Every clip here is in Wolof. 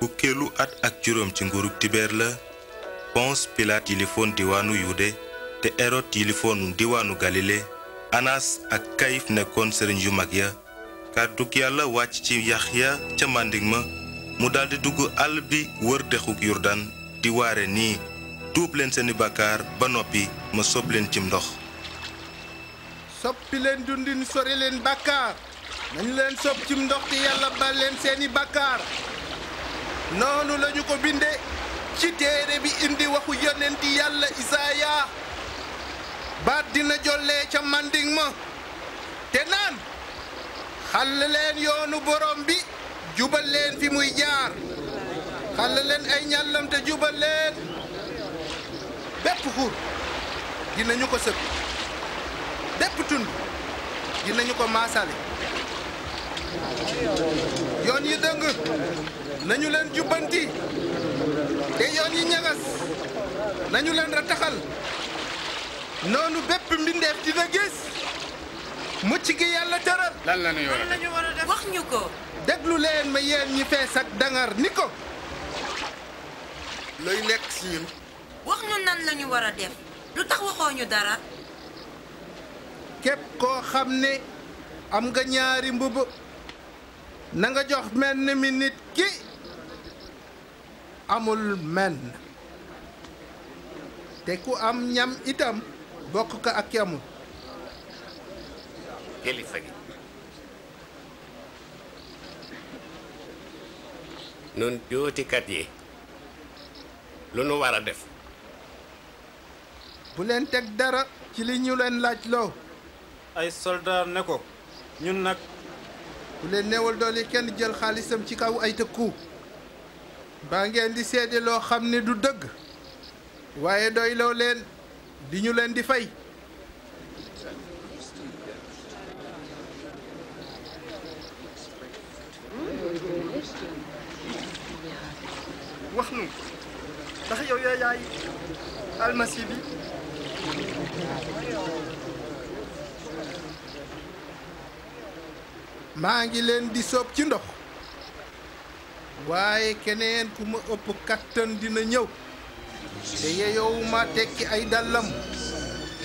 fukkeelu at ak juróom ci nguurug tibeer la pons pilaat yilifoon diwaanu yude te erod yilifoon diwaanu galile anas ak kayif nekkoon sëriñ yu mag ya kàddug yàlla wàcc ci yax ya ca màndig ma mu daldi dugg àll bi wër dexuk yurdan di waare nii tuub leen seeni bàkkaar ba noppi ma sob leen cim ndox soppi leen dundin sori leen bàkkaar nañu leen sob cim ndox te yàlla bal leen seeni bàkkaar noonu la ñu ko binde ci téere bi indi waxu yonenti yàlla Isaaya baat dina jollee ca manding ma te naan xàll leen yoonu borom bi jubal leen fi muy jaar xàll leen ay ñàllam te jubal leen bépp xur dinañu ko sëb bépp tund dinañu ko maasale yoon yi dëng nañu leen jubbanti te yoon yi ñagas nañu leen rataxal noonu bépp mbindeef dina gis mucc gi yàlla tëral. la ñu war a wax ñu ko. déglu leen ma yéen ñi fees ak dangar ni ko. looy nekk si ñun. wax ñu nan la war a def lu tax waxoo ñu dara. képp koo xam ne am nga ñaari mbubb na nga jox menn mi nit ki. amul menn te ku am ñam itam bokk ko ak ki amul kilifa gi nun juutikat yi lu nu war a def bu leen teg dara ci li ñu leen laaj loo ay soldaar ne ko ñun nag bu leen neewal doole kenn jël xaalisam ci kaw ay tëkku baa ngeen di seede loo xam ne du dëgg waaye doy law leen di ñu leen di fay wax nu ndax yow yaa yaay almasi bi maa ngi leen di soob ci ndox waaye keneen ku ma ëpp kattan dina ñëw te yeyowu tekki ay dàllam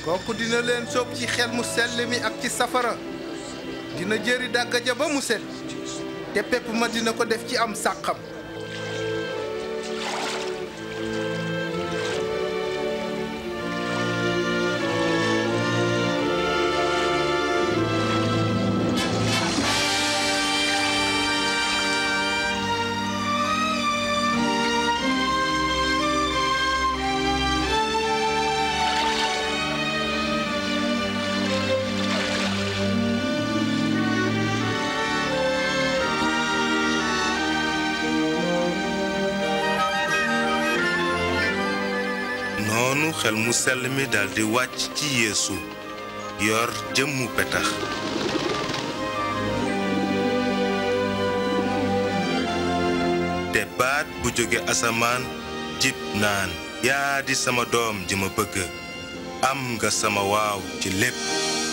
kooku dina leen soob ci xel mu sell mi ak ci safara dina jëri dàggaja ba mu set te pepp ma dina ko def ci am sàqam noonu xel mu sell mi daldi wàcc ci yéesu yor jëmmu petax te baat bu jóge asamaan jib naan yaa di sama doom ji ma bëgg am nga sama waaw ci lépp